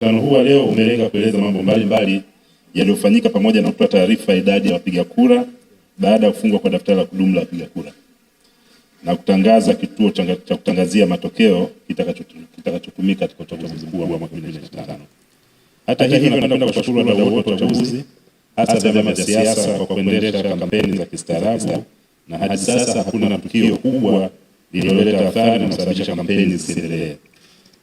Mkutano huu wa leo umelenga kueleza mambo mbalimbali yaliyofanyika pamoja na kutoa taarifa ya idadi ya wapiga kura baada ya kufungwa kwa daftari la kudumu la wapiga kura na kutangaza kituo cha kutangazia matokeo kitakachotumika katika uchaguzi mkuu wa mwaka 2025. Hata hivyo, napenda kuwashukuru wadau wote wa uchaguzi, hasa vyama vya siasa kwa kuendesha kampeni za kistaarabu, na hadi sasa hakuna tukio kubwa lililoleta athari na kusababisha kampeni zisiendelee.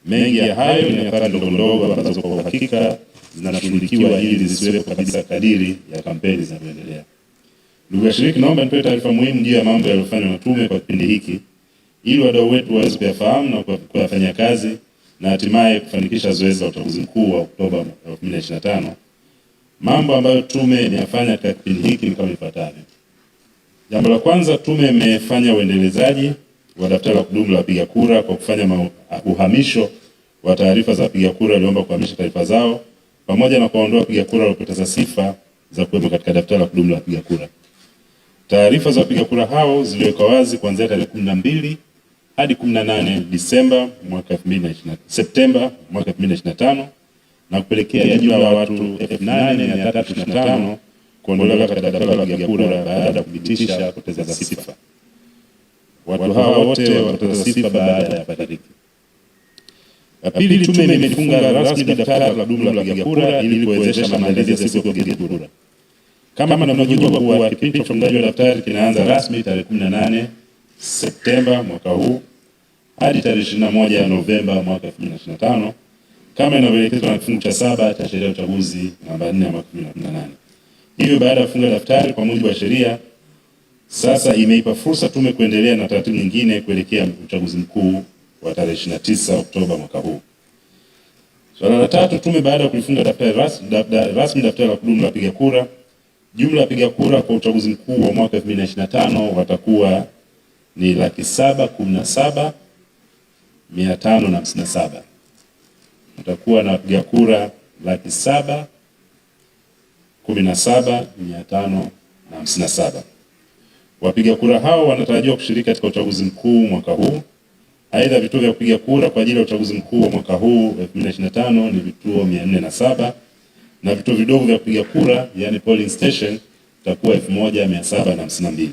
Mengi ya hayo ni nyakati ndogo ndogo ambazo kwa uhakika zinashughulikiwa ili zisiwepo kabisa kadiri ya kampeni zinavyoendelea. Ndugu washiriki, naomba nitoe taarifa muhimu juu ya mambo yaliyofanywa na tume kwa kipindi hiki ili wadau wetu waweze kuyafahamu na kuyafanyia kazi na hatimaye kufanikisha zoezi la uchaguzi mkuu wa Oktoba 2025. Mambo ambayo tume imeyafanya katika kipindi hiki ni kama ifuatavyo. Jambo la kwanza, tume imefanya uendelezaji wa daftari la kudumu la wapiga kura kwa kufanya uhamisho wa taarifa za wapiga kura waliomba kuhamisha taarifa zao pamoja na kuondoa wapiga kura waliopoteza sifa za kuwepo katika daftari la kudumu la wapiga kura. Taarifa za wapiga kura hao ziliwekwa wazi kuanzia tarehe mbili hadi 18 Disemba mwaka 2020, Septemba mwaka 2025 na kupelekea jumla ya watu 8325 kuondolewa katika daftari la wapiga kura baada ya kupitisha kupoteza sifa. Watu hawa wote wanapata sifa baada ya kufariki. Na pili, tume imefunga rasmi daftari la kudumu la wapiga kura ili kuwezesha maandalizi ya siku ya kupiga kura. Kama mnavyojua kuwa kipindi cha ufungaji wa daftari kinaanza rasmi tarehe 18 Septemba mwaka huu hadi tarehe 21 Novemba mwaka 2025 kama inavyoelekezwa na kifungu cha saba cha sheria ya uchaguzi namba 4 ya mwaka 2018. Hivyo baada ya kufunga daftari kwa mujibu wa sheria sasa imeipa fursa tume kuendelea na taratibu nyingine kuelekea uchaguzi mkuu wa tarehe 29 Oktoba mwaka huu. Swala la tatu, tume baada ya kulifunga daftari rasmi da, da, rasmi daftari la kudumu la wapiga kura, jumla ya wapiga kura kwa uchaguzi mkuu wa mwaka 2025 watakuwa ni laki saba kumi na saba mia tano na hamsini na saba. Utakuwa na wapiga kura laki saba kumi na saba mia tano na hamsini na saba. Wapiga kura hao wanatarajiwa kushiriki katika uchaguzi mkuu mwaka huu. Aidha, vituo vya kupiga kura kwa ajili ya uchaguzi mkuu wa mwaka huu 2025 ni vituo 407 na vituo vidogo vya kupiga kura yani polling station itakuwa 1752.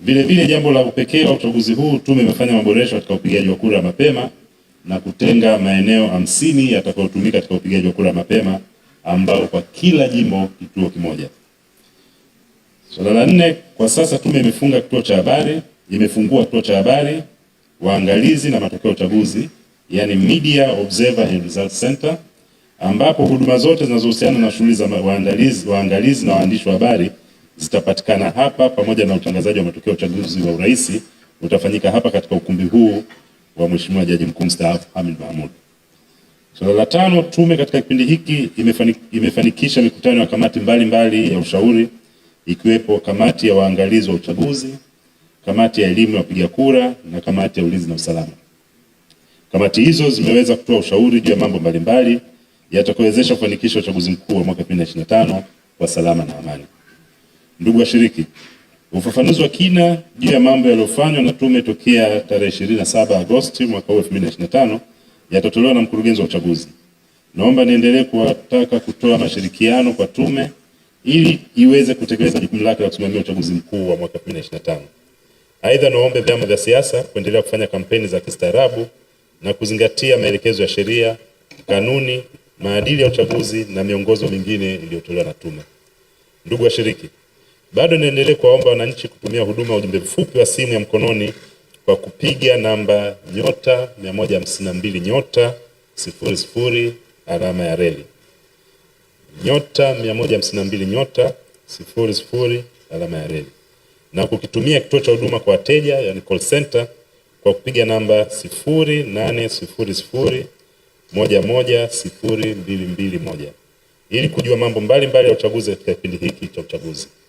Vile vile, jambo la upekee wa uchaguzi huu, tume imefanya maboresho katika upigaji wa kura mapema na kutenga maeneo hamsini yatakayotumika katika upigaji wa kura mapema ambao kwa kila jimbo kituo kimoja. Swala la nne, kwa sasa tume imefunga kituo cha habari, imefungua kituo cha habari waangalizi na matokeo ya uchaguzi, yani Media Observer and Result Center, ambapo huduma zote zinazohusiana na shughuli za waangalizi, waangalizi na waandishi wa habari zitapatikana hapa pamoja na utangazaji wa matokeo ya uchaguzi wa urais utafanyika hapa katika ukumbi huu wa Mheshimiwa Jaji Mkuu Mstaafu Hamid Mahmud. Swala la tano, tume katika kipindi hiki imefanikisha mikutano ya kamati mbalimbali mbali ya ushauri ikiwepo kamati ya waangalizi wa uchaguzi, kamati ya elimu ya wapiga kura na kamati ya ulinzi na usalama. Kamati hizo zimeweza kutoa ushauri juu ya mambo mbalimbali yatakayowezesha kufanikisha uchaguzi mkuu wa mwaka 2025 kwa salama na amani. Ndugu washiriki, ufafanuzi wa kina juu ya mambo yaliyofanywa na tume tokea tarehe 27 Agosti mwaka 2025 yatatolewa na mkurugenzi wa uchaguzi. Naomba niendelee kuwataka kutoa mashirikiano kwa tume ili iweze kutekeleza jukumu lake la kusimamia uchaguzi mkuu wa mwaka 2025. Aidha, naombe vyama vya siasa kuendelea kufanya kampeni za kistaarabu na kuzingatia maelekezo ya sheria, kanuni, maadili ya uchaguzi na miongozo mingine iliyotolewa na tume. Ndugu washiriki, bado niendelee kuwaomba wananchi kutumia huduma ya ujumbe mfupi wa simu ya mkononi kwa kupiga namba nyota 152 nyota 00 alama ya reli nyota 152 nyota sifuri sifuri alama ya reli na kukitumia kituo cha huduma kwa wateja yani call center kwa kupiga namba 0800 1100221 ili kujua mambo mbalimbali ya mbali uchaguzi katika kipindi hiki cha uchaguzi.